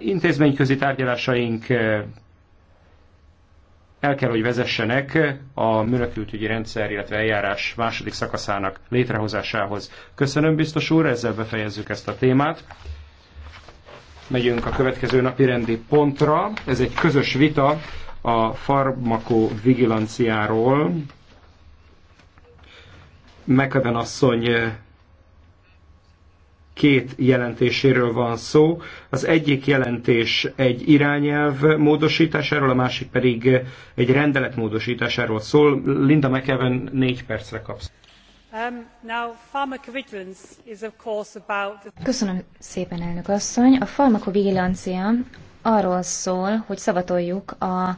intézményközi tárgyalásaink eh, el kell, hogy vezessenek a menekültügyi rendszer, illetve eljárás második szakaszának létrehozásához. Köszönöm, biztos úr, ezzel befejezzük ezt a témát. Megyünk a következő napi rendi pontra. Ez egy közös vita a farmakovigilanciáról. Mekaden asszony eh, két jelentéséről van szó. Az egyik jelentés egy irányelv módosításáról, a másik pedig egy rendelet módosításáról szól. Linda McEwen négy percre kapsz. Um, now, is of course about the... Köszönöm szépen, elnök asszony. A farmakovigilancia arról szól, hogy szavatoljuk a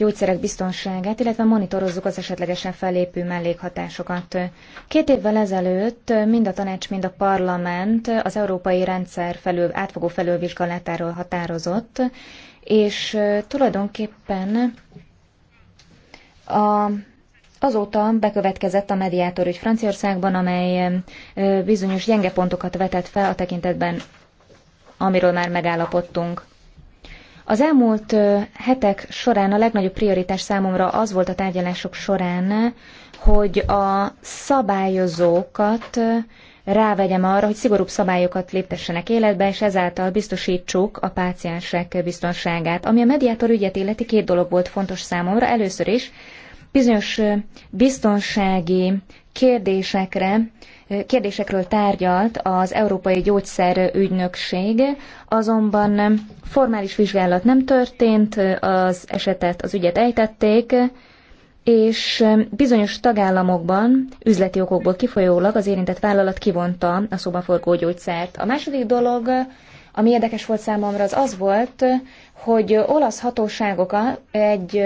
gyógyszerek biztonságát, illetve monitorozzuk az esetlegesen fellépő mellékhatásokat. Két évvel ezelőtt mind a tanács, mind a parlament az európai rendszer felül, átfogó felülvizsgálatáról határozott, és tulajdonképpen a Azóta bekövetkezett a mediátor ügy Franciaországban, amely bizonyos gyenge pontokat vetett fel a tekintetben, amiről már megállapodtunk. Az elmúlt hetek során a legnagyobb prioritás számomra az volt a tárgyalások során, hogy a szabályozókat rávegyem arra, hogy szigorúbb szabályokat léptessenek életbe, és ezáltal biztosítsuk a páciensek biztonságát. Ami a mediátor ügyet illeti, két dolog volt fontos számomra. Először is bizonyos biztonsági kérdésekre kérdésekről tárgyalt az Európai Gyógyszerügynökség, azonban formális vizsgálat nem történt, az esetet, az ügyet ejtették, és bizonyos tagállamokban üzleti okokból kifolyólag az érintett vállalat kivonta a szobaforgó gyógyszert. A második dolog, ami érdekes volt számomra, az az volt, hogy olasz hatóságok egy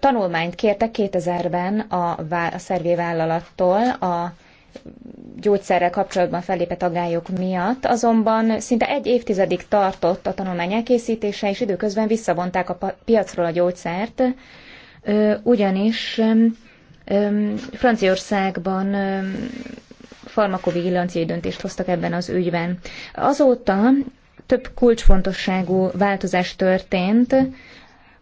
tanulmányt kértek 2000-ben a, a szervévállalattól a gyógyszerrel kapcsolatban fellépett aggályok miatt, azonban szinte egy évtizedig tartott a tanulmány elkészítése, és időközben visszavonták a piacról a gyógyszert, ugyanis Franciaországban farmakovigilanciai döntést hoztak ebben az ügyben. Azóta több kulcsfontosságú változás történt,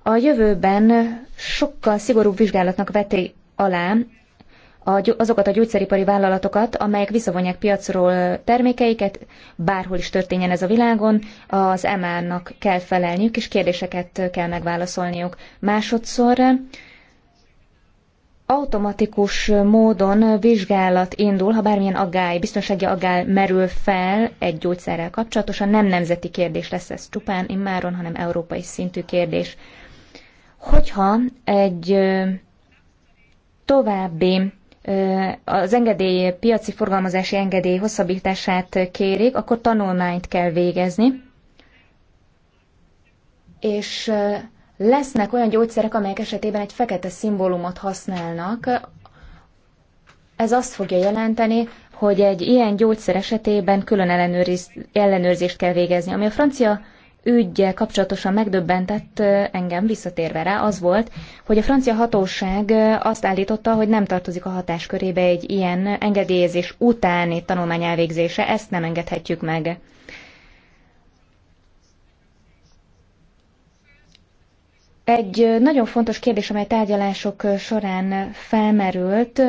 a jövőben sokkal szigorúbb vizsgálatnak veti alá azokat a gyógyszeripari vállalatokat, amelyek visszavonják piacról termékeiket, bárhol is történjen ez a világon, az EMA-nak kell felelniük, és kérdéseket kell megválaszolniuk. Másodszor automatikus módon vizsgálat indul, ha bármilyen aggály, biztonsági aggály merül fel egy gyógyszerrel kapcsolatosan, nem nemzeti kérdés lesz ez csupán immáron, hanem európai szintű kérdés. Hogyha egy további az engedély, piaci forgalmazási engedély hosszabbítását kérik, akkor tanulmányt kell végezni. És lesznek olyan gyógyszerek, amelyek esetében egy fekete szimbólumot használnak. Ez azt fogja jelenteni, hogy egy ilyen gyógyszer esetében külön ellenőrzést kell végezni. Ami a francia ügyjel kapcsolatosan megdöbbentett engem visszatérve rá az volt, hogy a francia hatóság azt állította, hogy nem tartozik a hatáskörébe egy ilyen engedélyezés utáni tanulmány elvégzése, ezt nem engedhetjük meg. Egy nagyon fontos kérdés, amely tárgyalások során felmerült,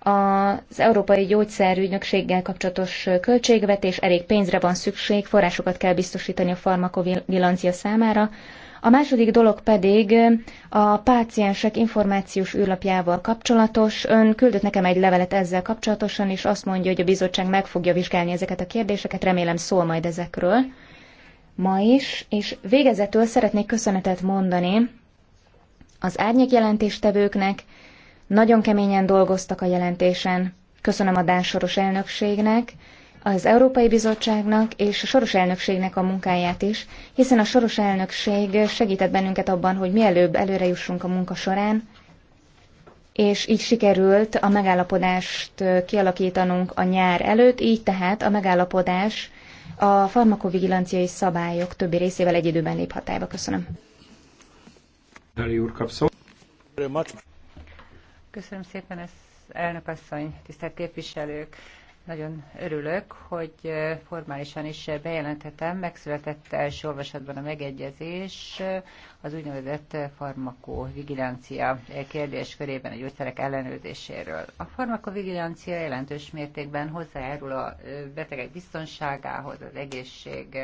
az Európai Gyógyszerügynökséggel kapcsolatos költségvetés, elég pénzre van szükség, forrásokat kell biztosítani a farmakovigilancia számára. A második dolog pedig a páciensek információs űrlapjával kapcsolatos. Ön küldött nekem egy levelet ezzel kapcsolatosan, és azt mondja, hogy a bizottság meg fogja vizsgálni ezeket a kérdéseket, remélem szól majd ezekről ma is, és végezetül szeretnék köszönetet mondani az árnyék jelentéstevőknek, nagyon keményen dolgoztak a jelentésen. Köszönöm a Dán Soros elnökségnek, az Európai Bizottságnak és a Soros elnökségnek a munkáját is, hiszen a Soros elnökség segített bennünket abban, hogy mielőbb előrejussunk a munka során, és így sikerült a megállapodást kialakítanunk a nyár előtt, így tehát a megállapodás a farmakovigilanciai szabályok többi részével egy időben lép hatályba. Köszönöm úr kap szó. Köszönöm szépen, ez elnök asszony, tisztelt képviselők. Nagyon örülök, hogy formálisan is bejelenthetem, megszületett első olvasatban a megegyezés az úgynevezett farmakovigilancia kérdéskörében a gyógyszerek ellenőrzéséről. A farmakovigilancia jelentős mértékben hozzájárul a betegek biztonságához, az egészség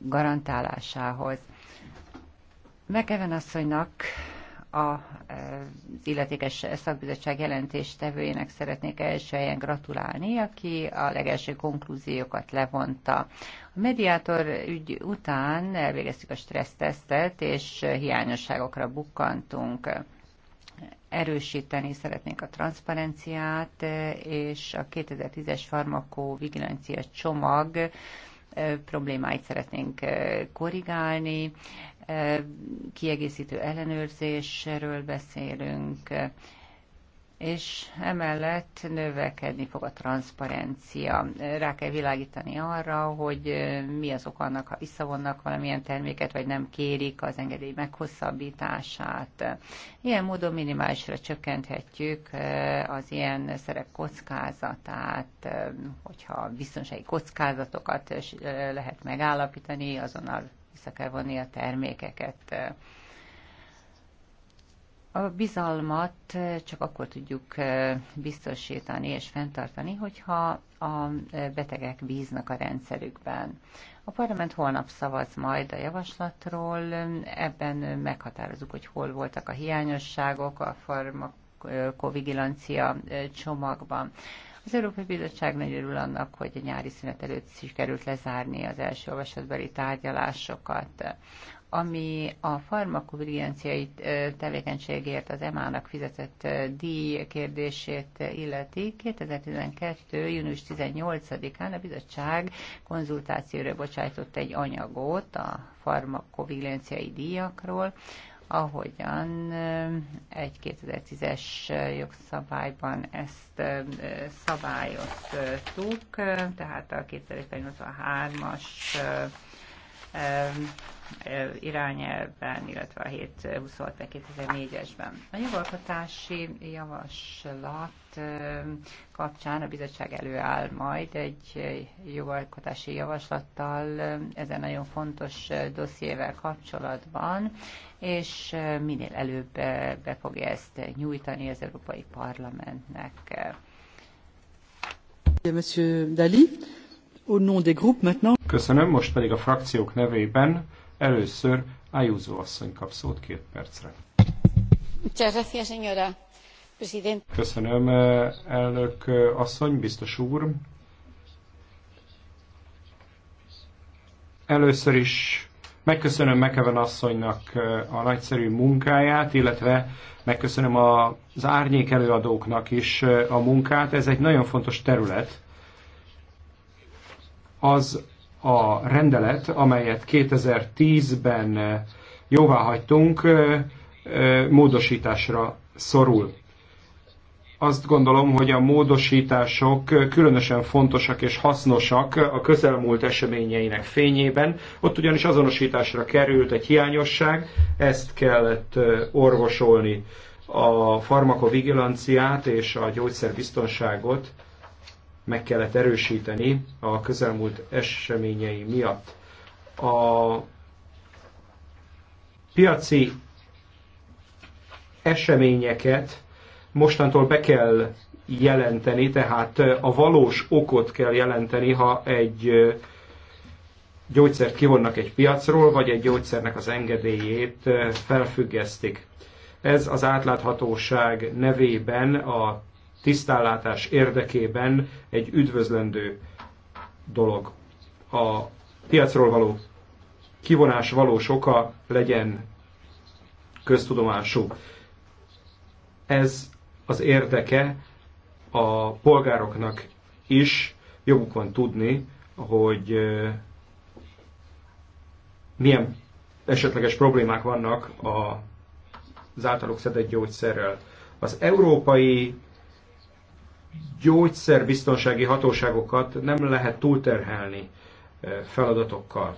garantálásához. McEwen asszonynak a, az e, illetékes szakbizottság jelentéstevőjének szeretnék első helyen gratulálni, aki a legelső konklúziókat levonta. A mediátor ügy után elvégeztük a stressztesztet, és hiányosságokra bukkantunk erősíteni szeretnénk a transzparenciát, és a 2010-es vigilancia csomag problémáit szeretnénk korrigálni, kiegészítő ellenőrzésről beszélünk, és emellett növekedni fog a transzparencia. Rá kell világítani arra, hogy mi az ok annak, ha visszavonnak valamilyen terméket, vagy nem kérik az engedély meghosszabbítását. Ilyen módon minimálisra csökkenthetjük az ilyen szerep kockázatát, hogyha biztonsági kockázatokat lehet megállapítani, azonnal vissza kell vonni a termékeket. A bizalmat csak akkor tudjuk eh, biztosítani és fenntartani, hogyha a eh, betegek bíznak a rendszerükben. A parlament holnap szavaz majd a javaslatról, ebben meghatározunk, hogy hol voltak a hiányosságok a farmakovigilancia eh, csomagban. Az Európai Bizottság nagy annak, hogy a nyári szünet előtt sikerült lezárni az első olvasatbeli tárgyalásokat ami a farmakovigilanciai tevékenységért az EMA-nak fizetett díj kérdését illeti, 2012. június 18-án a bizottság konzultációra bocsájtott egy anyagot a farmakovigilanciai díjakról, ahogyan egy 2010-es jogszabályban ezt szabályoztuk, tehát a 2083-as irányelvben, illetve a 726 2004-esben. A jogalkotási javaslat kapcsán a bizottság előáll majd egy jogalkotási javaslattal ezen nagyon fontos dossziével kapcsolatban, és minél előbb be fogja ezt nyújtani az Európai Parlamentnek. Monsieur Dali, au nom des groupes maintenant. Köszönöm, most pedig a frakciók nevében Először Ayuso asszony kap szót két percre. Köszönöm, eh, elnök eh, asszony, biztos úr. Először is megköszönöm Mekeven asszonynak eh, a nagyszerű munkáját, illetve megköszönöm az árnyék előadóknak is a munkát. Ez egy nagyon fontos terület. Az a rendelet, amelyet 2010-ben eh, jóváhagytunk, eh, eh, módosításra szorul. Azt gondolom, hogy a módosítások különösen fontosak és hasznosak a közelmúlt eseményeinek fényében. Ott ugyanis azonosításra került egy hiányosság, ezt kellett orvosolni a farmakovigilanciát és a gyógyszerbiztonságot meg kellett erősíteni a közelmúlt eseményei miatt. A piaci eseményeket mostantól be kell jelenteni, tehát a valós okot kell jelenteni, ha egy gyógyszert kivonnak egy piacról, vagy egy gyógyszernek az engedélyét felfüggesztik. Ez az átláthatóság nevében a tisztállátás érdekében egy üdvözlendő dolog. A piacról való kivonás valós oka legyen köztudomású. Ez az érdeke a polgároknak is, joguk van tudni, hogy milyen esetleges problémák vannak az általuk szedett gyógyszerrel. Az európai gyógyszerbiztonsági hatóságokat nem lehet túlterhelni eh, feladatokkal.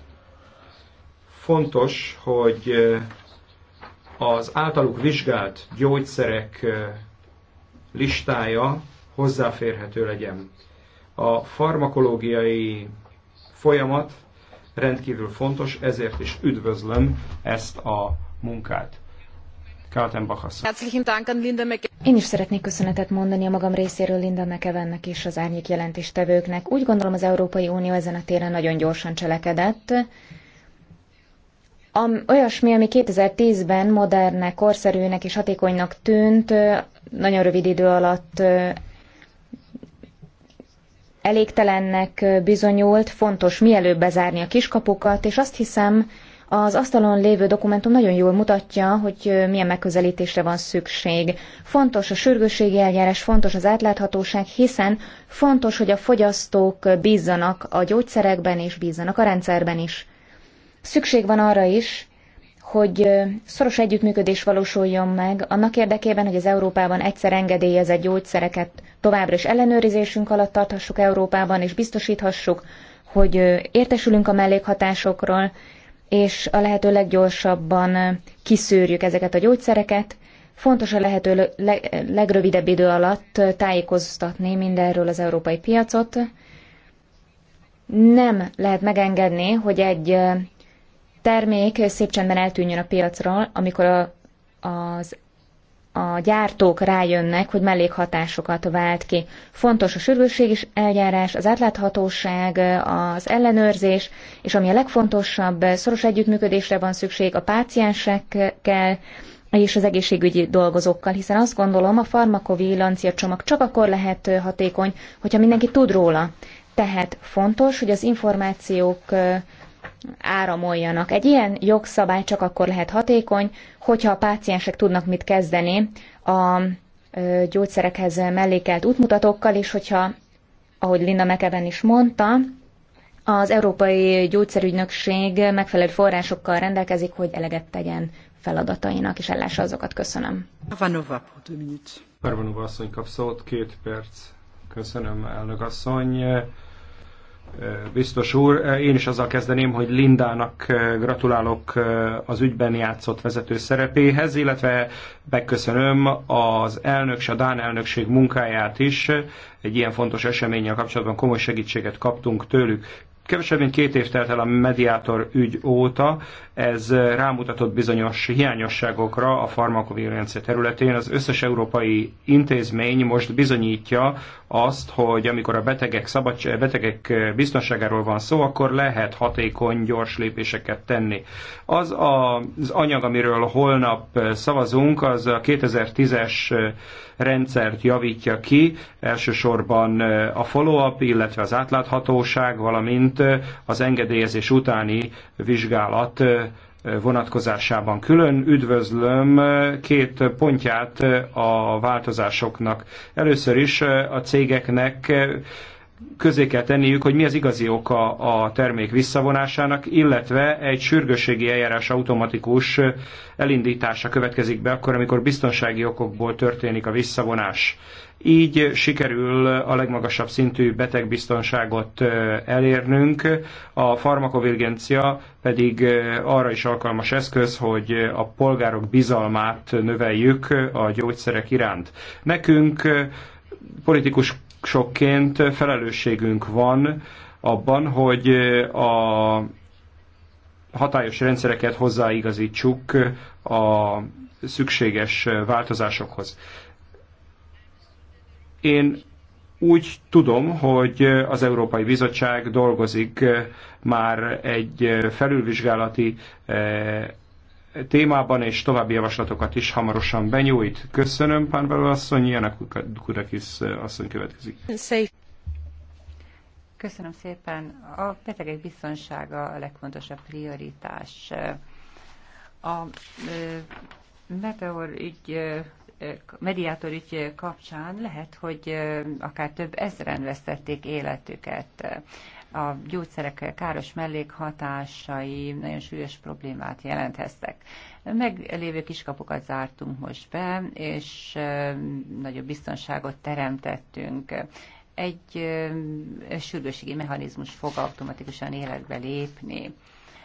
Fontos, hogy eh, az általuk vizsgált gyógyszerek eh, listája hozzáférhető legyen. A farmakológiai folyamat rendkívül fontos, ezért is üdvözlöm ezt a munkát. Kaltenbach asszony. Én is szeretnék köszönetet mondani a magam részéről Linda McEvennek és az árnyék jelentéstevőknek. Úgy gondolom az Európai Unió ezen a téren nagyon gyorsan cselekedett. Am, olyasmi, ami 2010-ben modernnek, korszerűnek és hatékonynak tűnt, nagyon rövid idő alatt elégtelennek bizonyult, fontos mielőbb bezárni a kiskapukat, és azt hiszem, az asztalon lévő dokumentum nagyon jól mutatja, hogy milyen megközelítésre van szükség. Fontos a sürgősségi eljárás, fontos az átláthatóság, hiszen fontos, hogy a fogyasztók bízzanak a gyógyszerekben és bízzanak a rendszerben is. Szükség van arra is, hogy szoros együttműködés valósuljon meg annak érdekében, hogy az Európában egyszer engedélyezett gyógyszereket továbbra is ellenőrizésünk alatt tarthassuk Európában, és biztosíthassuk, hogy értesülünk a mellékhatásokról, és a lehető leggyorsabban kiszűrjük ezeket a gyógyszereket. Fontos a lehető legrövidebb idő alatt tájékoztatni mindenről az európai piacot. Nem lehet megengedni, hogy egy termék szép csendben eltűnjön a piacról, amikor a, az a gyártók rájönnek, hogy mellékhatásokat vált ki. Fontos a sürgősség is eljárás, az átláthatóság, az ellenőrzés, és ami a legfontosabb, szoros együttműködésre van szükség a páciensekkel, és az egészségügyi dolgozókkal, hiszen azt gondolom, a farmakovigilancia csomag csak akkor lehet hatékony, hogyha mindenki tud róla. Tehát fontos, hogy az információk áramoljanak. Egy ilyen jogszabály csak akkor lehet hatékony, hogyha a páciensek tudnak mit kezdeni a gyógyszerekhez mellékelt útmutatókkal, és hogyha, ahogy Linda Mekeben is mondta, az Európai Gyógyszerügynökség megfelelő forrásokkal rendelkezik, hogy eleget tegyen feladatainak, és ellássa azokat. Köszönöm. Parvanova, Parvanova asszony kap szót, két perc. Köszönöm, elnök asszony biztos úr. Én is azzal kezdeném, hogy Lindának gratulálok az ügyben játszott vezető szerepéhez, illetve megköszönöm az elnök a Dán elnökség munkáját is. Egy ilyen fontos eseménnyel kapcsolatban komoly segítséget kaptunk tőlük. Kevesebb, mint két év telt el a mediátor ügy óta, ez rámutatott bizonyos hiányosságokra a farmakovigilancia területén. Az összes európai intézmény most bizonyítja, azt, hogy amikor a betegek, szabads- betegek biztonságáról van szó, akkor lehet hatékony, gyors lépéseket tenni. Az a, az anyag, amiről holnap szavazunk, az a 2010-es rendszert javítja ki, elsősorban a follow-up, illetve az átláthatóság, valamint az engedélyezés utáni vizsgálat vonatkozásában külön üdvözlöm két pontját a változásoknak. Először is a cégeknek közé kell tenniük, hogy mi az igazi oka a termék visszavonásának, illetve egy sürgősségi eljárás automatikus elindítása következik be, akkor, amikor biztonsági okokból történik a visszavonás. Így sikerül a legmagasabb szintű betegbiztonságot elérnünk, a farmakovigencia pedig arra is alkalmas eszköz, hogy a polgárok bizalmát növeljük a gyógyszerek iránt. Nekünk politikus sokként felelősségünk van abban, hogy a hatályos rendszereket hozzáigazítsuk a szükséges változásokhoz. Én úgy tudom, hogy az Európai Bizottság dolgozik már egy felülvizsgálati eh, témában, és további javaslatokat is hamarosan benyújt. Köszönöm, Pánbelő asszony, a Kudakis asszony következik. Köszönöm szépen. A betegek biztonsága a legfontosabb prioritás. A Meteor ügy, mediátor ügy kapcsán lehet, hogy akár több ezeren vesztették életüket a gyógyszerek káros mellékhatásai nagyon súlyos problémát jelentheztek. Meglévő kiskapukat zártunk most be, és nagyobb biztonságot teremtettünk. Egy sürgőségi mechanizmus fog automatikusan életbe lépni.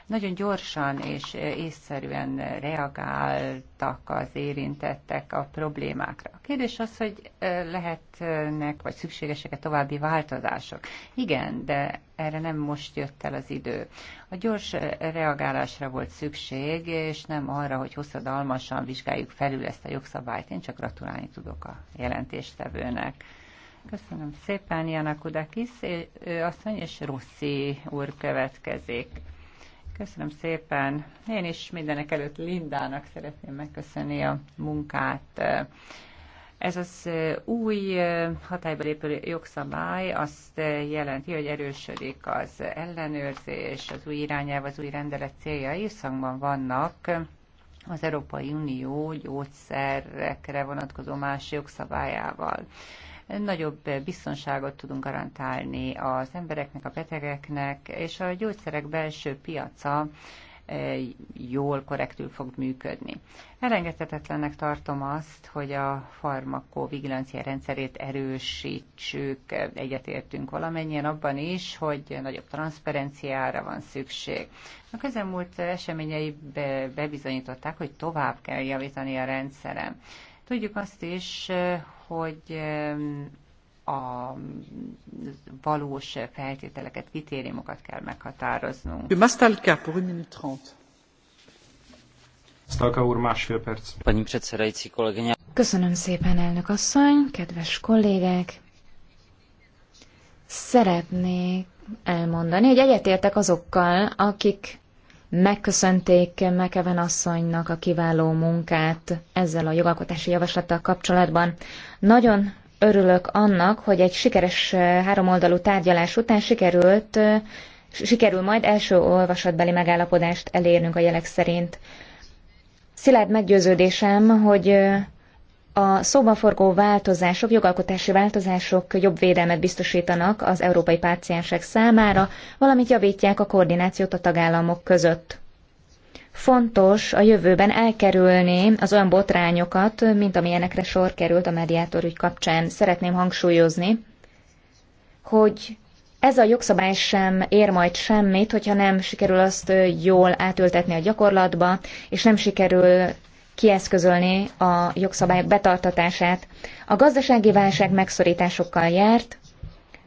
Nagyon gyorsan és észszerűen reagáltak az érintettek a problémákra. A kérdés az, hogy lehetnek vagy szükségesek-e további változások. Igen, de erre nem most jött el az idő. A gyors reagálásra volt szükség, és nem arra, hogy hosszadalmasan vizsgáljuk felül ezt a jogszabályt. Én csak gratulálni tudok a jelentéstevőnek. Köszönöm szépen, Jana Kudakis asszony, és Rossi úr következik. Köszönöm szépen. Én is mindenek előtt Lindának szeretném megköszönni a munkát. Ez az új hatályba lépő jogszabály azt jelenti, hogy erősödik az ellenőrzés, az új irányelv, az új rendelet céljai összhangban vannak az Európai Unió gyógyszerekre vonatkozó más jogszabályával nagyobb biztonságot tudunk garantálni az embereknek, a betegeknek, és a gyógyszerek belső piaca eh, jól, korrektül fog működni. Elengedhetetlennek tartom azt, hogy a farmakovigilancia rendszerét erősítsük, egyetértünk valamennyien abban is, hogy nagyobb transzperenciára van szükség. A közelmúlt eseményei bebizonyították, hogy tovább kell javítani a rendszeren. Tudjuk azt is, hogy a valós feltételeket, kritériumokat kell meghatároznunk. Stalka úr, másfél perc. Pani předsedající, kolegyně. Köszönöm szépen, elnök asszony, kedves kollégák! Szeretnék elmondani, hogy egyetértek azokkal, akik megköszönték Mekeven asszonynak a kiváló munkát ezzel a jogalkotási javaslattal kapcsolatban. Nagyon örülök annak, hogy egy sikeres eh, háromoldalú tárgyalás után sikerült, eh, sikerül majd első olvasatbeli megállapodást elérnünk a jelek szerint. Szilárd meggyőződésem, hogy eh, a szóban forgó változások, jogalkotási változások jobb védelmet biztosítanak az európai páciensek számára, valamint javítják a koordinációt a tagállamok között. Fontos a jövőben elkerülni az olyan botrányokat, mint amilyenekre sor került a ügy kapcsán. Szeretném hangsúlyozni, hogy ez a jogszabály sem ér majd semmit, hogyha nem sikerül azt jól átültetni a gyakorlatba, és nem sikerül kieszközölni a jogszabályok betartatását. A gazdasági válság megszorításokkal járt,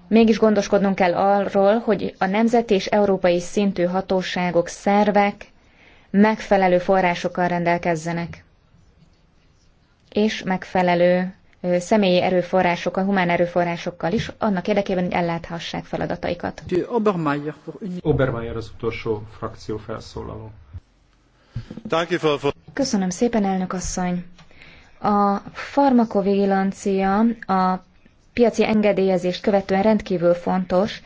mégis gondoskodnunk kell arról, hogy a nemzeti és európai szintű hatóságok, szervek megfelelő forrásokkal rendelkezzenek, és megfelelő személyi erőforrásokkal, humán erőforrásokkal is, annak érdekében, hogy elláthassák feladataikat. Obermeier az utolsó frakció felszólaló. Köszönöm szépen, elnök asszony. A farmakovigilancia a piaci engedélyezést követően rendkívül fontos,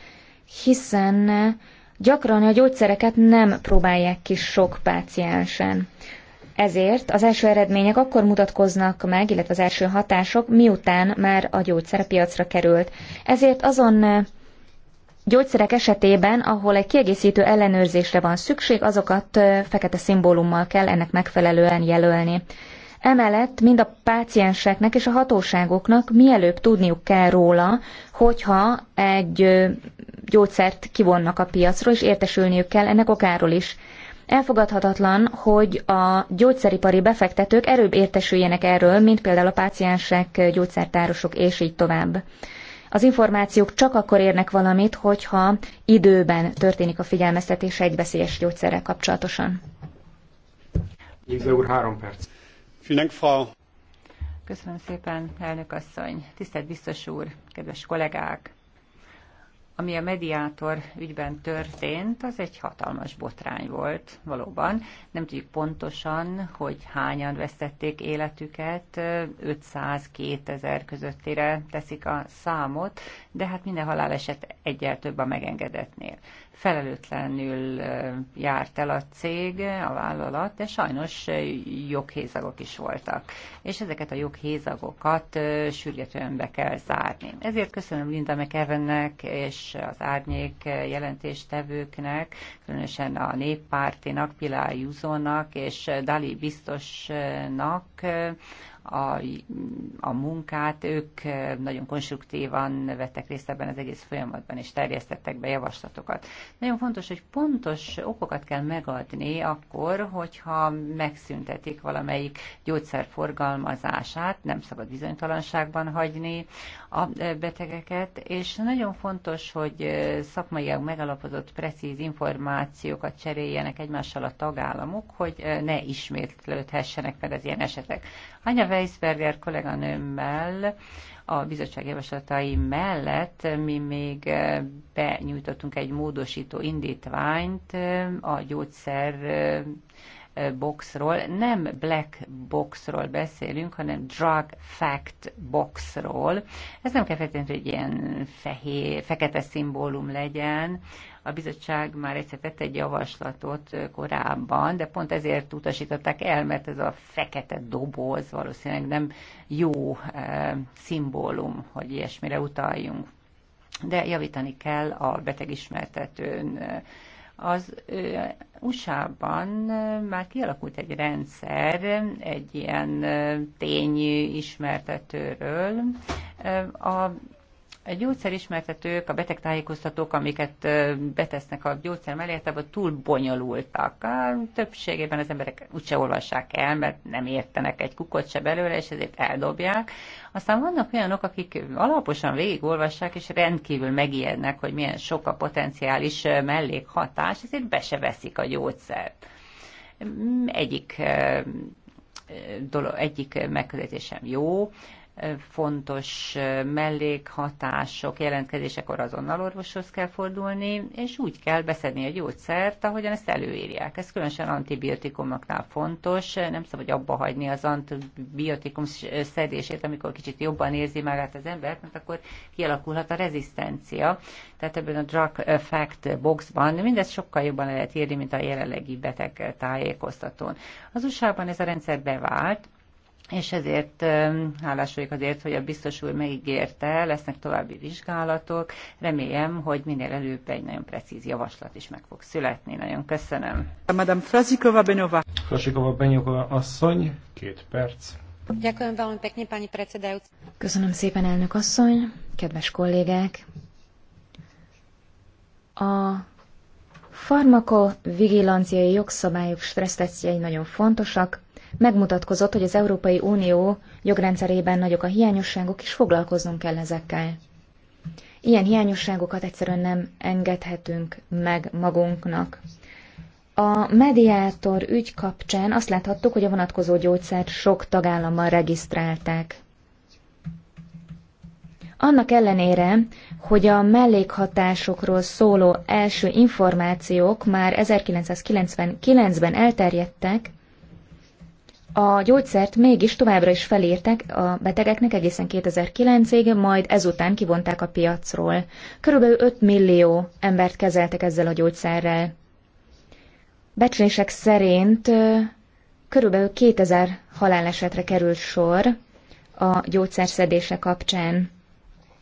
hiszen gyakran a gyógyszereket nem próbálják ki sok páciensen. Ezért az első eredmények akkor mutatkoznak meg, illetve az első hatások, miután már a gyógyszer piacra került. Ezért azon gyógyszerek esetében, ahol egy kiegészítő ellenőrzésre van szükség, azokat fekete szimbólummal kell ennek megfelelően jelölni. Emellett mind a pácienseknek és a hatóságoknak mielőbb tudniuk kell róla, hogyha egy gyógyszert kivonnak a piacról, és értesülniük kell ennek okáról is. Elfogadhatatlan, hogy a gyógyszeripari befektetők erőbb értesüljenek erről, mint például a páciensek, gyógyszertárosok és így tovább. Az információk csak akkor érnek valamit, hogyha időben történik a figyelmeztetés egy veszélyes gyógyszerrel kapcsolatosan. úr, három perc. Köszönöm szépen, elnök asszony, tisztelt biztos úr, kedves kollégák! ami a mediátor ügyben történt, az egy hatalmas botrány volt, valóban. Nem tudjuk pontosan, hogy hányan vesztették életüket, 500-2000 közöttére teszik a számot, de hát minden haláleset egyel több a megengedetnél felelőtlenül járt el a cég, a vállalat, de sajnos joghézagok is voltak. És ezeket a joghézagokat sürgetően be kell zárni. Ezért köszönöm Linda McEvennek és az árnyék jelentéstevőknek, különösen a néppártinak, Pilár Juzónak és Dali biztosnak a, a munkát. Ők eh, nagyon konstruktívan vettek részt ebben az egész folyamatban, és terjesztettek be javaslatokat. Nagyon fontos, hogy pontos okokat kell megadni akkor, hogyha megszüntetik valamelyik gyógyszer forgalmazását, nem szabad bizonytalanságban hagyni a betegeket, és nagyon fontos, hogy szakmai megalapozott, precíz információkat cseréljenek egymással a tagállamok, hogy ne ismétlődhessenek fel az ilyen esetek. Anya Weisberger kolléganőmmel a bizottság javaslatai mellett mi még benyújtottunk egy módosító indítványt a gyógyszer boxról, nem black boxról beszélünk, hanem drug fact boxról. Ez nem kell feltétlenül, hogy ilyen fehér, fekete szimbólum legyen, a bizottság már egyszer tett egy javaslatot korábban, de pont ezért utasították el, mert ez a fekete doboz valószínűleg nem jó e, szimbólum, hogy ilyesmire utaljunk. De javítani kell a betegismertetőn, eh, az USA-ban már kialakult egy rendszer, egy ilyen tényismertetőről. A a gyógyszerismertetők, a betegtájékoztatók, amiket betesznek a gyógyszer mellé, általában hát túl bonyolultak. A többségében az emberek úgyse olvassák el, mert nem értenek egy kukot se belőle, és ezért eldobják. Aztán vannak olyanok, akik alaposan végigolvassák, és rendkívül megijednek, hogy milyen sok a potenciális mellékhatás, ezért be se veszik a gyógyszert. Egyik, dolog, egyik megközelítésem sem jó, fontos mellékhatások jelentkezésekor azonnal orvoshoz kell fordulni, és úgy kell beszedni a gyógyszert, ahogyan ezt előírják. Ez különösen antibiotikumoknál fontos, nem szabad abba hagyni az antibiotikum szedését, amikor kicsit jobban érzi magát az embert, mert akkor kialakulhat a rezisztencia. Tehát ebben a drug effect boxban mindezt sokkal jobban lehet írni, mint a jelenlegi beteg tájékoztatón. Az USA-ban ez a rendszer bevált, és ezért hálás vagyok azért, hogy a biztos úr megígérte, lesznek további vizsgálatok. Remélem, hogy minél előbb egy nagyon precíz javaslat is meg fog születni. Nagyon köszönöm. Madame Frasikova Benova. Frasikova Benova asszony, két perc. Köszönöm szépen, elnök asszony, kedves kollégák. A farmakovigilanciai jogszabályok stressztesztjei nagyon fontosak, megmutatkozott, hogy az Európai Unió jogrendszerében nagyok a hiányosságok, és foglalkoznunk kell ezekkel. Ilyen hiányosságokat egyszerűen nem engedhetünk meg magunknak. A mediátor ügy kapcsán azt láthattuk, hogy a vonatkozó gyógyszert sok tagállammal regisztrálták. Annak ellenére, hogy a mellékhatásokról szóló első információk már 1999-ben elterjedtek, a gyógyszert mégis továbbra is felírták a betegeknek egészen 2009-ig, majd ezután kivonták a piacról. Körülbelül 5 millió embert kezeltek ezzel a gyógyszerrel. Becslések szerint körülbelül 2000 halálesetre került sor a gyógyszerszedése kapcsán.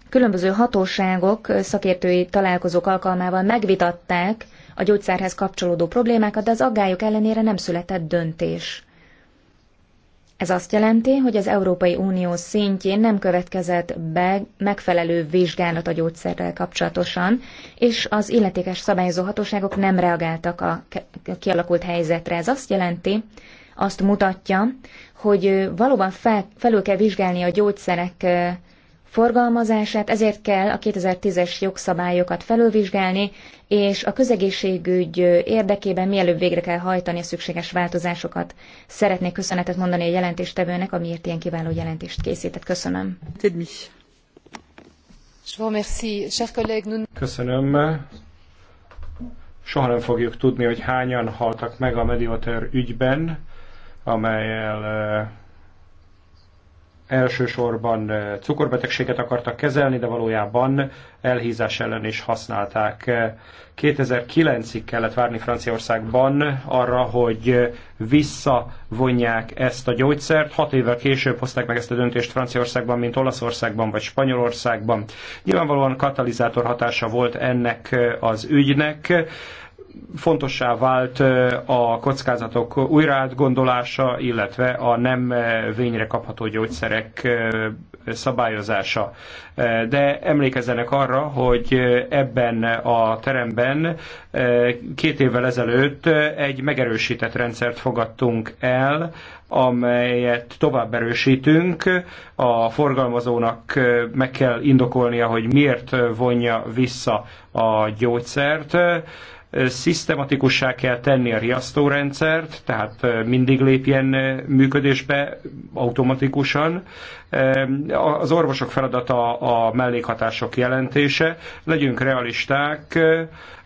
Különböző hatóságok szakértői találkozók alkalmával megvitatták a gyógyszerhez kapcsolódó problémákat, de az aggályok ellenére nem született döntés. Ez azt jelenti, hogy az Európai Unió szintjén nem következett be megfelelő vizsgálat a gyógyszerrel kapcsolatosan, és az illetékes szabályozó hatóságok nem reagáltak a kialakult helyzetre. Ez azt jelenti, azt mutatja, hogy valóban fel, felül kell vizsgálni a gyógyszerek forgalmazását, ezért kell a 2010-es jogszabályokat felülvizsgálni, és a közegészségügy érdekében mielőbb végre kell hajtani a szükséges változásokat. Szeretnék köszönetet mondani a jelentéstevőnek, amiért ilyen kiváló jelentést készített. Köszönöm. Köszönöm. Soha nem fogjuk tudni, hogy hányan haltak meg a Mediator ügyben, amelyel eh, elsősorban eh, cukorbetegséget akartak kezelni, de valójában elhízás ellen is használták. 2009-ig kellett várni Franciaországban arra, hogy visszavonják ezt a gyógyszert. Hat évvel később hozták meg ezt a döntést Franciaországban, mint Olaszországban vagy Spanyolországban. Nyilvánvalóan katalizátor hatása volt ennek eh, az ügynek fontossá vált a kockázatok újraátgondolása, illetve a nem vényre kapható gyógyszerek szabályozása. De emlékezzenek arra, hogy ebben a teremben két évvel ezelőtt egy megerősített rendszert fogadtunk el, amelyet tovább erősítünk. A forgalmazónak meg kell indokolnia, hogy miért vonja vissza a gyógyszert szisztematikussá kell tenni a riasztórendszert, tehát mindig lépjen működésbe automatikusan. Az orvosok feladata a mellékhatások jelentése. Legyünk realisták,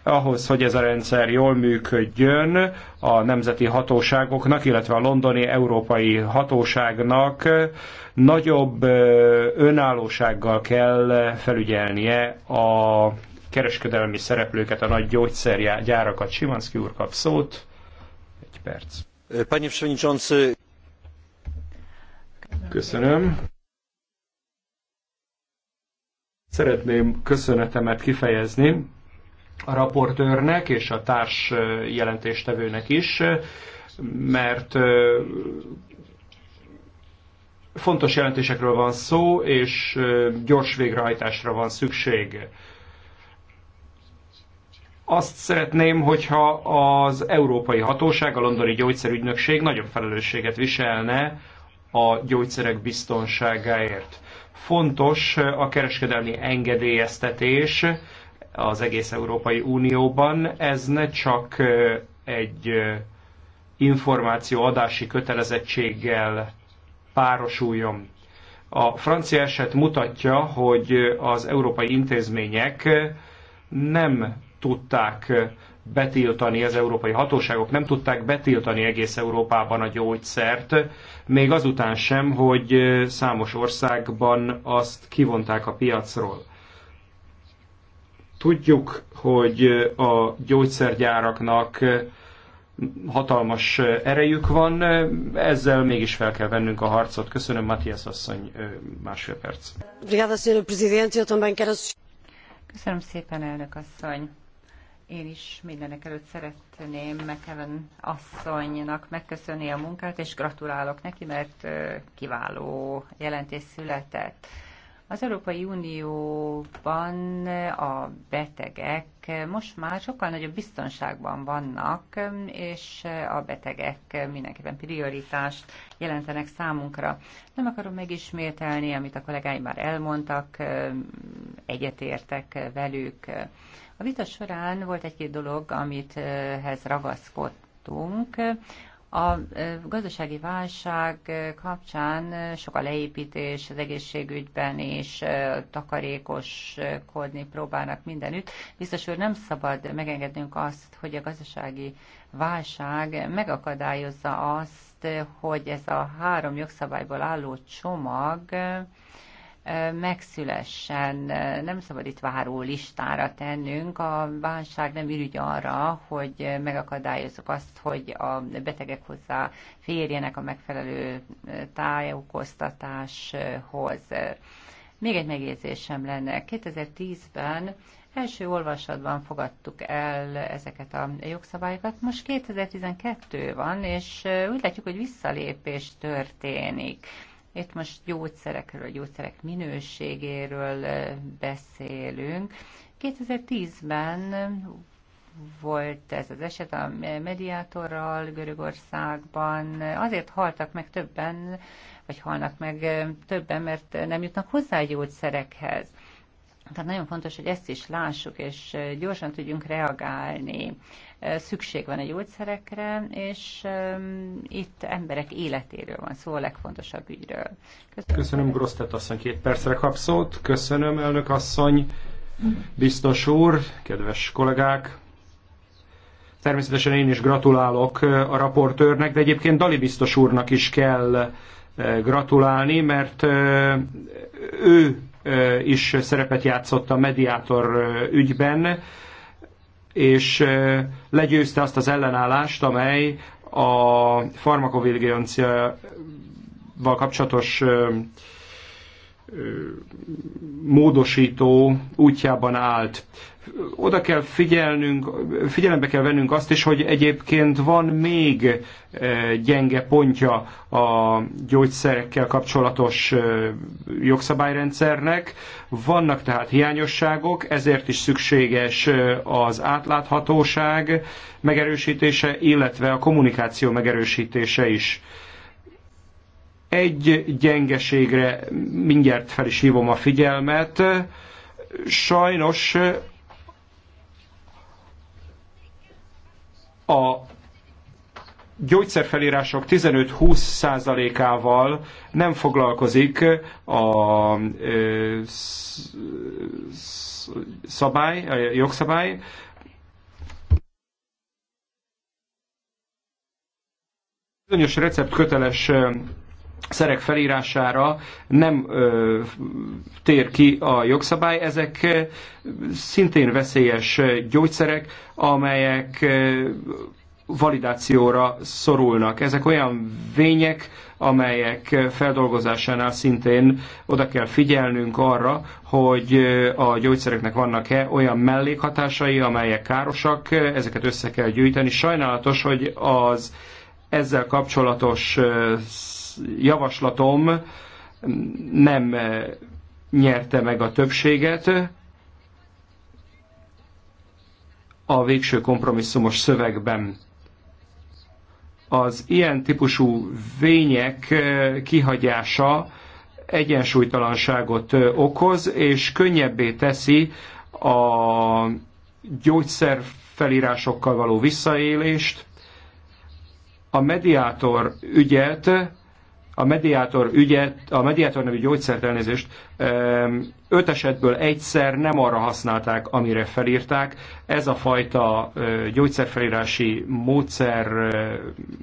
ahhoz, hogy ez a rendszer jól működjön, a nemzeti hatóságoknak, illetve a londoni európai hatóságnak nagyobb önállósággal kell felügyelnie a kereskedelmi szereplőket, a nagy gyógyszergyárakat. Simanszki úr kap szót. Egy perc. Panie Przewodniczący. Köszönöm. Szeretném köszönetemet kifejezni a raportőrnek és a társ jelentéstevőnek is, mert fontos jelentésekről van szó, és gyors végrehajtásra van szükség azt szeretném, hogyha az európai hatóság, a londoni gyógyszerügynökség nagyobb felelősséget viselne a gyógyszerek biztonságáért. Fontos a kereskedelmi engedélyeztetés az egész Európai Unióban. Ez ne csak egy információadási kötelezettséggel párosuljon. A francia eset mutatja, hogy az európai intézmények nem tudták eh, betiltani az európai hatóságok, nem tudták betiltani egész Európában a gyógyszert, még azután sem, hogy eh, számos országban azt kivonták a piacról. Tudjuk, hogy eh, a gyógyszergyáraknak hatalmas erejük van, ezzel mégis fel kell vennünk a harcot. Köszönöm, Matthias asszony, másfél perc. Köszönöm szépen, elnök asszony. Én is mindenek előtt szeretném McEwen asszonynak megköszönni a munkát, és gratulálok neki, mert kiváló jelentés született. Az Európai Unióban a betegek most már sokkal nagyobb biztonságban vannak, és a betegek mindenképpen prioritást jelentenek számunkra. Nem akarom megismételni, amit a kollégáim már elmondtak, egyetértek velük. A vita során volt egy-két dolog, amithez ragaszkodtunk. A gazdasági válság kapcsán sok a leépítés az egészségügyben, és takarékoskodni próbálnak mindenütt. Biztos úr, nem szabad megengednünk azt, hogy a gazdasági válság megakadályozza azt, hogy ez a három jogszabályból álló csomag megszülessen. Nem szabad itt váró listára tennünk. A válság nem ürügy arra, hogy megakadályozzuk azt, hogy a betegek hozzá férjenek a megfelelő tájékoztatáshoz. Még egy megjegyzésem lenne. 2010-ben első olvasatban fogadtuk el ezeket a jogszabályokat. Most 2012 van, és úgy látjuk, hogy visszalépés történik itt most gyógyszerekről, gyógyszerek minőségéről beszélünk. 2010-ben volt ez az eset a mediátorral Görögországban. Azért haltak meg többen, vagy halnak meg többen, mert nem jutnak hozzá gyógyszerekhez. Tehát nagyon fontos, hogy ezt is lássuk, és gyorsan tudjunk reagálni. Szükség van a gyógyszerekre, és itt emberek életéről van szó a legfontosabb ügyről. Köszönöm, Köszönöm Grosztet asszony, két percre kap szót. Köszönöm, elnök asszony, biztos úr, kedves kollégák. Természetesen én is gratulálok a raportőrnek, de egyébként Dali biztos úrnak is kell gratulálni, mert ő is szerepet játszott a mediátor ügyben, és legyőzte azt az ellenállást, amely a farmakovigilanciával kapcsolatos módosító útjában állt. Oda kell figyelnünk, figyelembe kell vennünk azt is, hogy egyébként van még gyenge pontja a gyógyszerekkel kapcsolatos jogszabályrendszernek. Vannak tehát hiányosságok, ezért is szükséges az átláthatóság megerősítése, illetve a kommunikáció megerősítése is egy gyengeségre mindjárt fel is hívom a figyelmet. Sajnos a gyógyszerfelírások 15-20 százalékával nem foglalkozik a szabály, a jogszabály. Bizonyos köteles szerek felírására nem ö, tér ki a jogszabály. Ezek szintén veszélyes gyógyszerek, amelyek validációra szorulnak. Ezek olyan vények, amelyek feldolgozásánál szintén oda kell figyelnünk arra, hogy a gyógyszereknek vannak-e olyan mellékhatásai, amelyek károsak, ezeket össze kell gyűjteni. Sajnálatos, hogy az ezzel kapcsolatos javaslatom nem eh, nyerte meg a többséget. A végső kompromisszumos szövegben az ilyen típusú vények eh, kihagyása egyensúlytalanságot eh, okoz, és könnyebbé teszi a gyógyszerfelírásokkal való visszaélést, a mediátor ügyet a mediátor ügyet, a mediátor nevű gyógyszert elnézést öt esetből egyszer nem arra használták, amire felírták. Ez a fajta gyógyszerfelírási módszer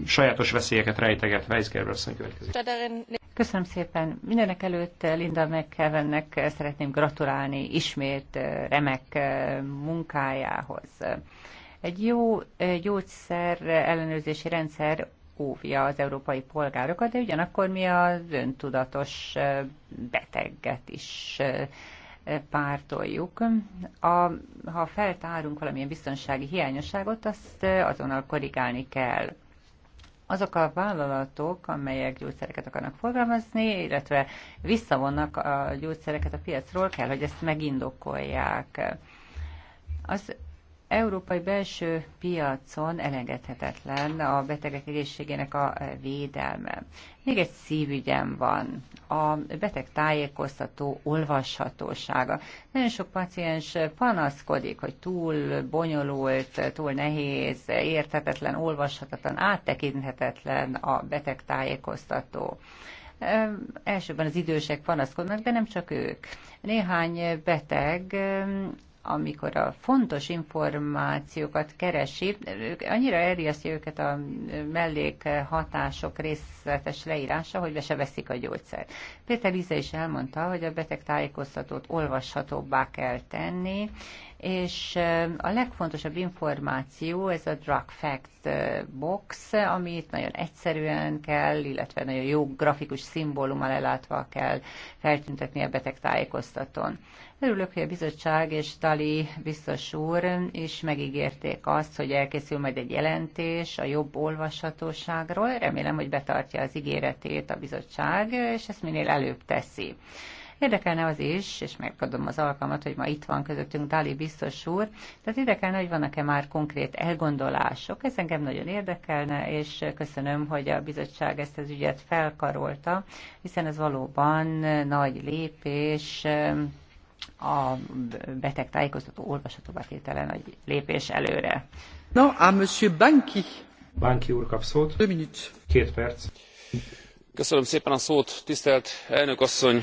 sajátos veszélyeket rejteget. Weisgerber asszony következik. Köszönöm szépen. Mindenek előtt Linda McKevennek szeretném gratulálni ismét remek munkájához. Egy jó gyógyszer ellenőrzési rendszer óvja az európai polgárokat, de ugyanakkor mi az öntudatos beteget is pártoljuk. A, ha feltárunk valamilyen biztonsági hiányosságot, azt azonnal korrigálni kell azok a vállalatok, amelyek gyógyszereket akarnak forgalmazni, illetve visszavonnak a gyógyszereket a piacról, kell, hogy ezt megindokolják. Az európai belső piacon elengedhetetlen a betegek egészségének a védelme. Még egy szívügyem van, a beteg tájékoztató olvashatósága. Nagyon sok paciens panaszkodik, hogy túl bonyolult, túl nehéz, érthetetlen, olvashatatlan, áttekinthetetlen a beteg tájékoztató elsőben az idősek panaszkodnak, de nem csak ők. Néhány beteg amikor a fontos információkat keresi, ők, annyira elriasztja őket a mellékhatások részletes leírása, hogy be se veszik a gyógyszert. Péter Lize is elmondta, hogy a beteg tájékoztatót olvashatóbbá kell tenni, és a legfontosabb információ ez a drug fact box, amit nagyon egyszerűen kell, illetve nagyon jó grafikus szimbólummal ellátva kell feltüntetni a beteg tájékoztatón. Örülök, hogy a bizottság és Dali biztos úr is megígérték azt, hogy elkészül majd egy jelentés a jobb olvashatóságról. Remélem, hogy betartja az ígéretét a bizottság, és ezt minél előbb teszi. Érdekelne az is, és megadom az alkalmat, hogy ma itt van közöttünk Dali biztos úr, tehát érdekelne, hogy vannak-e már konkrét elgondolások. Ez engem nagyon érdekelne, és köszönöm, hogy a bizottság ezt az ügyet felkarolta, hiszen ez valóban nagy lépés a beteg tájékoztató olvasatóba tétele nagy lépés előre. No, a Monsieur Banki. Banki úr kap szót. Két perc. Köszönöm szépen a szót, tisztelt elnök asszony,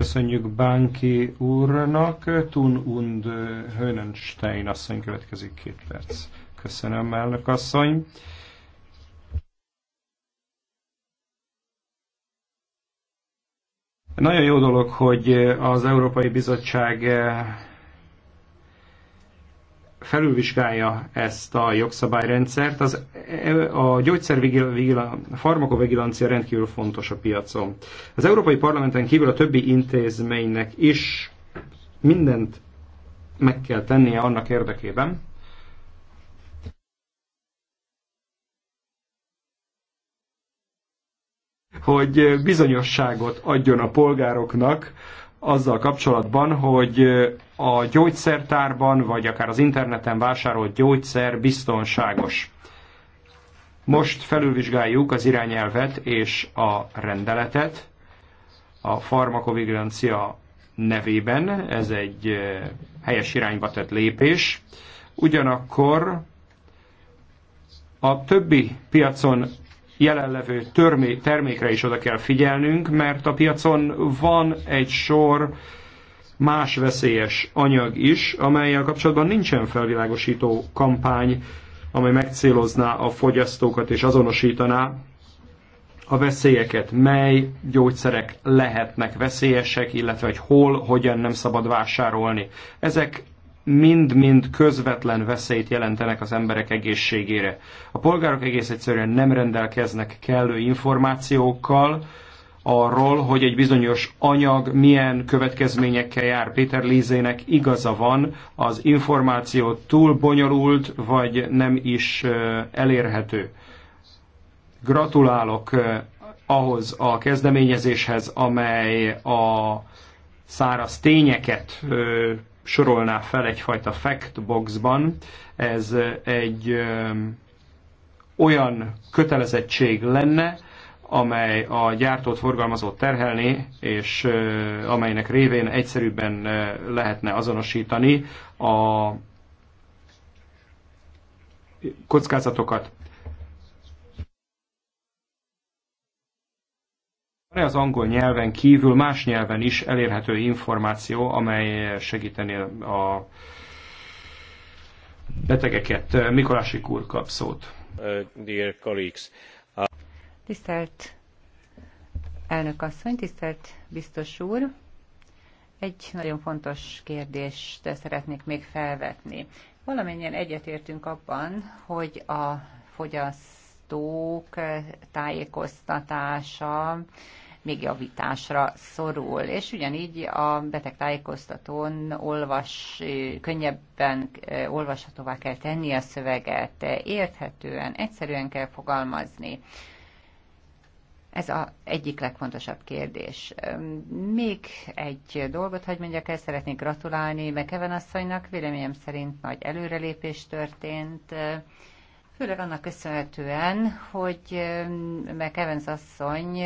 Köszönjük Bánki úrnak. Tun und Hönenstein asszony következik két perc. Köszönöm, elnök asszony. Nagyon jó dolog, hogy az Európai Bizottság felülvizsgálja ezt a jogszabályrendszert. Az, a farmakovigilancia rendkívül fontos a piacon. Az Európai Parlamenten kívül a többi intézménynek is mindent meg kell tennie annak érdekében, hogy bizonyosságot adjon a polgároknak azzal kapcsolatban, hogy a gyógyszertárban, vagy akár az interneten vásárolt gyógyszer biztonságos. Most felülvizsgáljuk az irányelvet és a rendeletet a farmakovigilancia nevében. Ez egy eh, helyes irányba tett lépés. Ugyanakkor a többi piacon jelenlevő termékre is oda kell figyelnünk, mert a piacon van egy sor más veszélyes anyag is, amelyel kapcsolatban nincsen felvilágosító kampány, amely megcélozná a fogyasztókat és azonosítaná a veszélyeket, mely gyógyszerek lehetnek veszélyesek, illetve hogy hol, hogyan nem szabad vásárolni. Ezek mind-mind közvetlen veszélyt jelentenek az emberek egészségére. A polgárok egész egyszerűen nem rendelkeznek kellő információkkal, arról, hogy egy bizonyos anyag milyen következményekkel jár. Péter Lízének igaza van, az információ túl bonyolult, vagy nem is elérhető. Gratulálok ahhoz a kezdeményezéshez, amely a száraz tényeket sorolná fel egyfajta factboxban. Ez egy olyan kötelezettség lenne, amely a gyártót forgalmazót terhelni, és amelynek révén egyszerűbben lehetne azonosítani a kockázatokat. Van-e az angol nyelven kívül más nyelven is elérhető információ, amely segíteni a betegeket? Mikolási úr kap szót. Uh, dear colleagues, Tisztelt elnök asszony, tisztelt biztos úr! Egy nagyon fontos kérdést szeretnék még felvetni. Valamennyien egyetértünk abban, hogy a fogyasztók tájékoztatása még javításra szorul, és ugyanígy a beteg tájékoztatón olvas, könnyebben olvashatóvá kell tenni a szöveget, érthetően, egyszerűen kell fogalmazni. Ez a egyik legfontosabb kérdés. Még egy dolgot, hogy mondjak el, szeretnék gratulálni Mekeven asszonynak. Véleményem szerint nagy előrelépés történt, főleg annak köszönhetően, hogy Mekeven asszony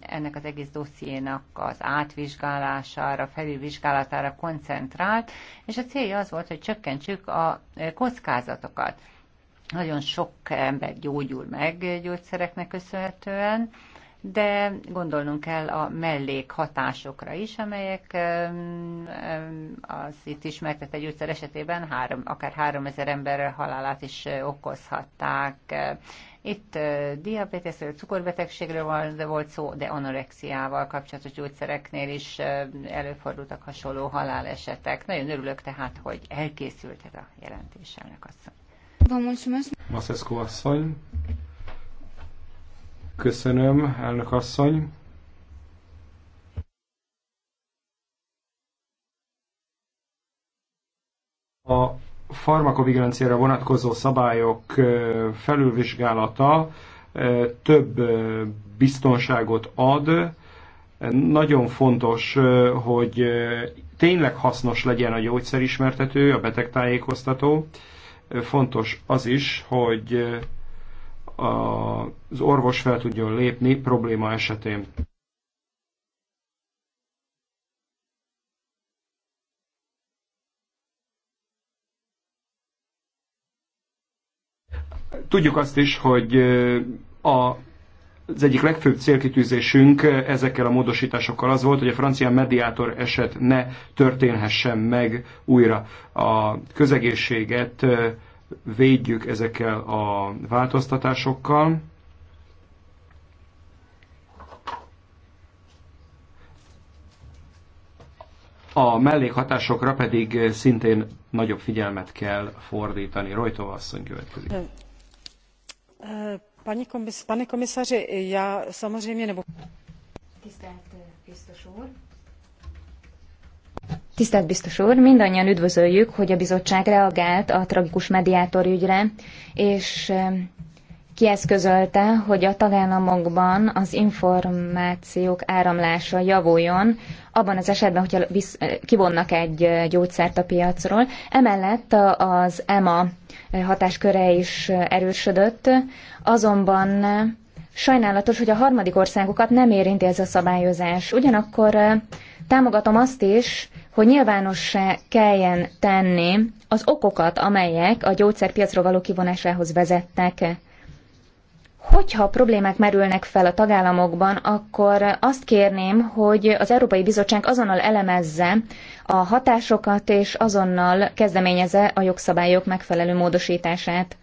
ennek az egész dossziénak az átvizsgálására, felülvizsgálatára koncentrált, és a célja az volt, hogy csökkentsük a kockázatokat. Nagyon sok ember gyógyul meg gyógyszereknek köszönhetően, de gondolnunk kell a mellékhatásokra is, amelyek az itt ismertett egy gyógyszer esetében három, akár 3000 ember halálát is okozhatták. Itt diabéteszről, cukorbetegségről volt szó, de anorexiával kapcsolatos gyógyszereknél is előfordultak hasonló halálesetek. Nagyon örülök tehát, hogy elkészült ez a jelentés, elnök asszony. Vă mulțumesc. asszony. Köszönöm, elnök asszony. A farmakovigilanciára vonatkozó szabályok felülvizsgálata több biztonságot ad. Nagyon fontos, hogy tényleg hasznos legyen a gyógyszerismertető, a betegtájékoztató. Fontos az is, hogy az orvos fel tudjon lépni probléma esetén. Tudjuk azt is, hogy a az egyik legfőbb célkitűzésünk ezekkel a módosításokkal az volt, hogy a francia mediátor eset ne történhessen meg újra. A közegészséget védjük ezekkel a változtatásokkal. A mellékhatásokra pedig szintén nagyobb figyelmet kell fordítani. Rojtova asszony következik. Eh, eh, pani komisz, pane komisaři, já samozřejmě nebo... Tisztelt eh, biztos úr, Tisztelt biztos úr, mindannyian üdvözöljük, hogy a bizottság reagált a tragikus mediátor ügyre, és kieszközölte, hogy a tagállamokban az információk áramlása javuljon, abban az esetben, hogyha visz, kivonnak egy gyógyszert a piacról. Emellett az EMA hatásköre is erősödött, azonban sajnálatos, hogy a harmadik országokat nem érinti ez a szabályozás. Ugyanakkor támogatom azt is, hogy nyilvánossá kelljen tenni az okokat, amelyek a gyógyszerpiacról való kivonásához vezettek. Hogyha problémák merülnek fel a tagállamokban, akkor azt kérném, hogy az Európai Bizottság azonnal elemezze a hatásokat, és azonnal kezdeményeze a jogszabályok megfelelő módosítását.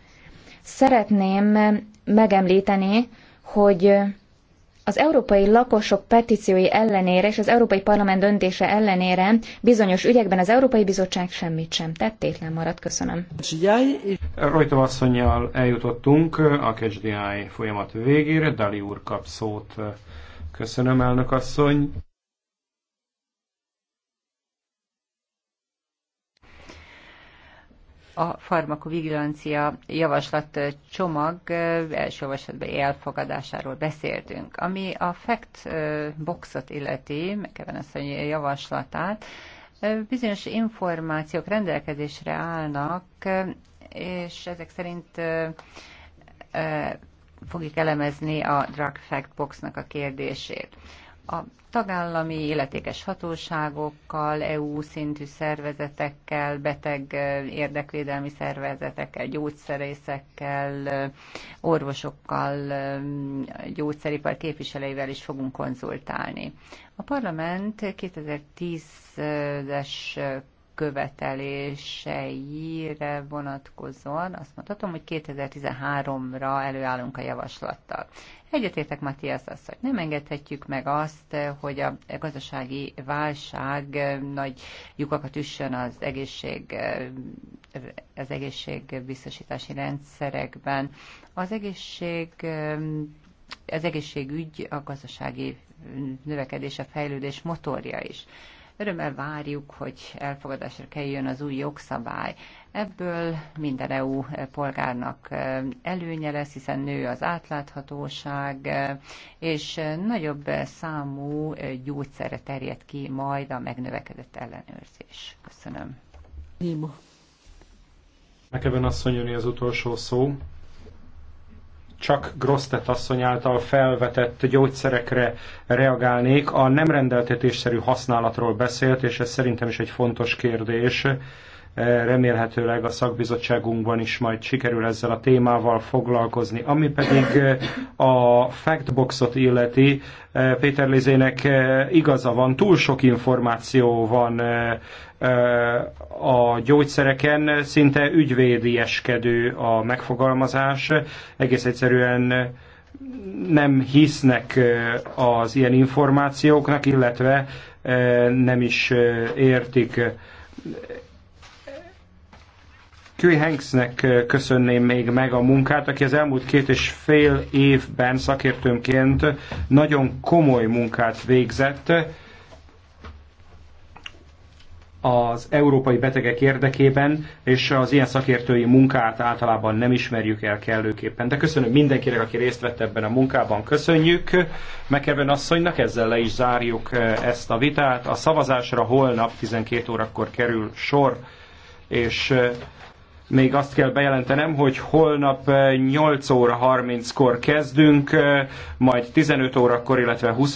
Szeretném megemlíteni, hogy az európai lakosok petíciói ellenére és az Európai Parlament döntése ellenére bizonyos ügyekben az Európai Bizottság semmit sem tett, tétlen maradt. Köszönöm. Rajtam asszonyjal eljutottunk a KSDI folyamat végére. Dali úr kap szót. Köszönöm, elnök asszony. a farmakovigilancia javaslat csomag első olvasatban elfogadásáról beszéltünk. Ami a fact boxot illeti, McEwen a javaslatát, bizonyos információk rendelkezésre állnak, és ezek szerint fogjuk elemezni a Drug Fact Boxnak a kérdését a tagállami illetékes hatóságokkal, EU szintű szervezetekkel, beteg érdekvédelmi szervezetekkel, gyógyszerészekkel, orvosokkal, gyógyszeripar képviselőivel is fogunk konzultálni. A parlament 2010-es követeléseire vonatkozóan azt mondhatom, hogy 2013-ra előállunk a javaslattal. Egyetértek Matthias azt, hogy nem engedhetjük meg azt, hogy a gazdasági válság nagy lyukakat üssön az egészség, az egészségbiztosítási rendszerekben. Az egészség az egészségügy a gazdasági növekedés, a fejlődés motorja is. Örömmel várjuk, hogy elfogadásra kerüljön az új jogszabály. Ebből minden EU polgárnak előnye lesz, hiszen nő az átláthatóság, és nagyobb számú gyógyszerre terjed ki majd a megnövekedett ellenőrzés. Köszönöm. Néma. Nekeven asszony jönni az utolsó szó csak Grosztet asszony által felvetett gyógyszerekre reagálnék. A nem rendeltetésszerű használatról beszélt, és ez szerintem is egy fontos kérdés. Eh, remélhetőleg a szakbizottságunkban is majd sikerül ezzel a témával foglalkozni. Ami pedig eh, a factboxot illeti, eh, Péter Lizének igaza van, túl sok információ van a gyógyszereken, szinte ügyvédieskedő a megfogalmazás, egész egyszerűen nem hisznek az ilyen információknak, illetve nem is értik Tui Hanksnek köszönném még meg a munkát, aki az elmúlt két és fél évben szakértőmként nagyon komoly munkát végzett az európai betegek érdekében, és az ilyen szakértői munkát általában nem ismerjük el kellőképpen. De köszönöm mindenkinek, aki részt vett ebben a munkában, köszönjük. Mekeven asszonynak ezzel le is zárjuk ezt a vitát. A szavazásra holnap 12 órakor kerül sor, és még azt kell bejelentenem, hogy holnap 8 eh, óra 30-kor kezdünk, eh, majd 15 órakor, illetve 20